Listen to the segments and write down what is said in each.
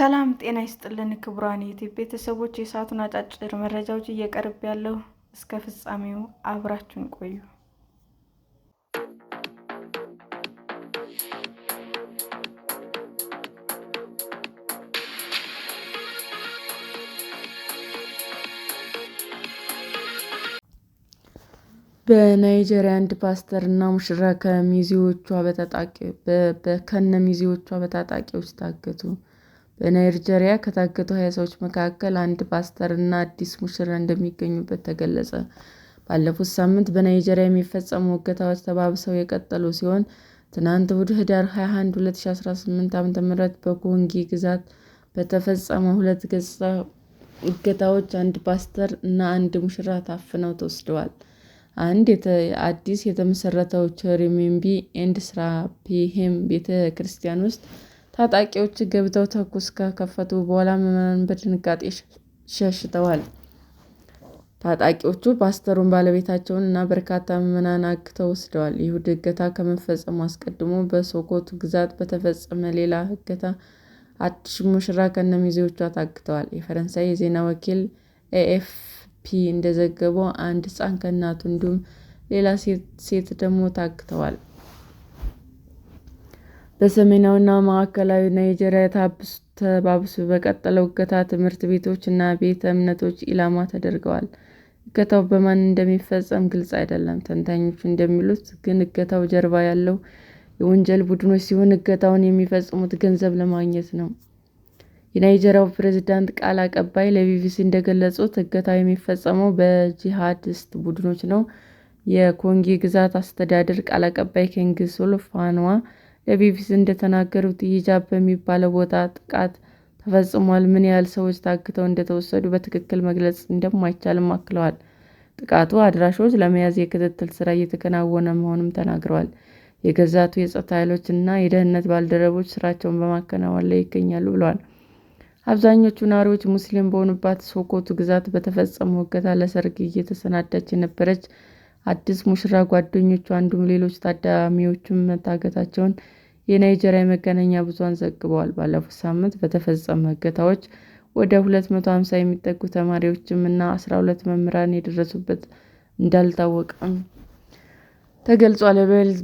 ሰላም ጤና ይስጥልን ክቡራን ዩቲዩብ ቤተሰቦች፣ የሰዓቱን አጫጭር መረጃዎች እየቀርብ ያለው እስከ ፍጻሜው አብራችሁን ቆዩ። በናይጄሪያ አንድ ፓስተር እና ሙሽራ ከነሚዜዎቿ በታጣቂዎች ታገቱ። በናይጄሪያ ከታገቱ 20 ሰዎች መካከል አንድ ፓስተር እና አዲስ ሙሽራ እንደሚገኙበት ተገለጸ። ባለፉት ሳምንት በናይጄሪያ የሚፈጸሙ እገታዎች ተባብሰው የቀጠሉ ሲሆን፣ ትናንት እሁድ ኅዳር 21 2018 ዓ.ም በኮንጊ ግዛት በተፈጸሙ ሁለት እገታዎች አንድ ፓስተር እና አንድ ሙሽራ ታፍነው ተወስደዋል። አንድ አዲስ የተመሰረተው ቼሩቢም ኤንድ ሴራፒም ቤተ ክርስቲያን ውስጥ ታጣቂዎች ገብተው ተኩስ ከከፈቱ በኋላ ምዕመናን በድንጋጤ ሸሽተዋል። ታጣቂዎቹ ፓስተሩን፣ ባለቤታቸውን እና በርካታ ምዕመናን አግተው ወስደዋል። ይሁድ እገታ ከመፈጸሙ አስቀድሞ በሶኮቶ ግዛት በተፈጸመ ሌላ እገታ አዲስ ሙሽራ ከነሚዜዎቿ ታግተዋል። የፈረንሳይ የዜና ወኪል ኤኤፍፒ እንደዘገበው አንድ ሕፃን ከእናቱ እንዲሁም ሌላ ሴት ደግሞ ታግተዋል። በሰሜናዊና ማዕከላዊ ናይጄሪያ ተባብሶ በቀጠለው እገታ ትምህርት ቤቶች እና ቤተ እምነቶች ኢላማ ተደርገዋል። እገታው በማን እንደሚፈጸም ግልጽ አይደለም። ተንታኞች እንደሚሉት ግን እገታው ጀርባ ያለው የወንጀል ቡድኖች ሲሆን እገታውን የሚፈጽሙት ገንዘብ ለማግኘት ነው። የናይጄሪያው ፕሬዝዳንት ቃል አቀባይ ለቢቢሲ እንደገለጹት እገታው የሚፈጸመው በጂሃዲስት ቡድኖች ነው። የኮንጌ ግዛት አስተዳደር ቃል አቀባይ ኬንግሶል ፋንዋ ለቢቢሲ እንደተናገሩት ሂጃብ በሚባለው ቦታ ጥቃት ተፈጽሟል። ምን ያህል ሰዎች ታግተው እንደተወሰዱ በትክክል መግለጽ እንደማይቻልም አክለዋል። ጥቃቱ አድራሾች ለመያዝ የክትትል ስራ እየተከናወነ መሆኑም ተናግረዋል። የገዛቱ የጸጥታ ኃይሎች እና የደህንነት ባልደረቦች ስራቸውን በማከናወን ላይ ይገኛሉ ብለዋል። አብዛኞቹ ነዋሪዎች ሙስሊም በሆኑባት ሶኮቱ ግዛት በተፈጸመው እገታ ለሰርግ እየተሰናዳች የነበረች አዲስ ሙሽራ ጓደኞቹ አንዱም ሌሎች ታዳሚዎቹም መታገታቸውን የናይጄሪያ መገናኛ ብዙሃን ዘግበዋል። ባለፉት ሳምንት በተፈጸሙ እገታዎች ወደ 250 የሚጠጉ ተማሪዎችም እና 12 መምህራን የደረሱበት እንዳልታወቀም ተገልጿል።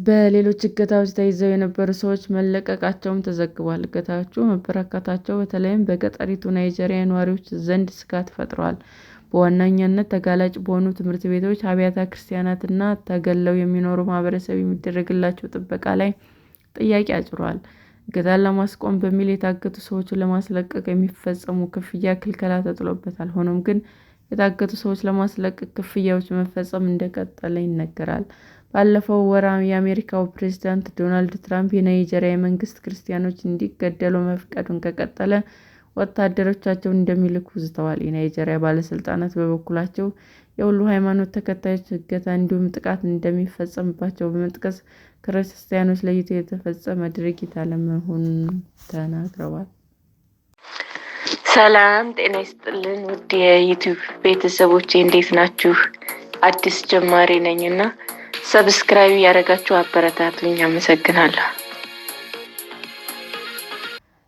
በሌሎች እገታዎች ተይዘው የነበሩ ሰዎች መለቀቃቸውም ተዘግቧል። እገታዎቹ መበራከታቸው በተለይም በገጠሪቱ ናይጄሪያ ነዋሪዎች ዘንድ ስጋት ፈጥረዋል። በዋነኛነት ተጋላጭ በሆኑ ትምህርት ቤቶች፣ አብያተ ክርስቲያናትና ተገለው የሚኖሩ ማህበረሰብ የሚደረግላቸው ጥበቃ ላይ ጥያቄ አጭሯል። እገታን ለማስቆም በሚል የታገቱ ሰዎችን ለማስለቀቅ የሚፈጸሙ ክፍያ ክልከላ ተጥሎበታል። ሆኖም ግን የታገቱ ሰዎች ለማስለቀቅ ክፍያዎች መፈጸም እንደቀጠለ ይነገራል። ባለፈው ወር የአሜሪካው ፕሬዝዳንት ዶናልድ ትራምፕ የናይጄሪያ መንግስት ክርስቲያኖች እንዲገደሉ መፍቀዱን ከቀጠለ ወታደሮቻቸውን እንደሚልኩ ዝተዋል። የናይጄሪያ ባለስልጣናት በበኩላቸው የሁሉ ሃይማኖት ተከታዮች እገታ እንዲሁም ጥቃት እንደሚፈጸምባቸው በመጥቀስ ክርስቲያኖች ለይቶ የተፈጸመ ድርጊት አለመሆኑን ተናግረዋል። ሰላም ጤና ይስጥልን ውድ የዩቲዩብ ቤተሰቦቼ እንዴት ናችሁ? አዲስ ጀማሪ ነኝ እና ሰብስክራይብ ያደረጋችሁ አበረታቱኝ። አመሰግናለሁ።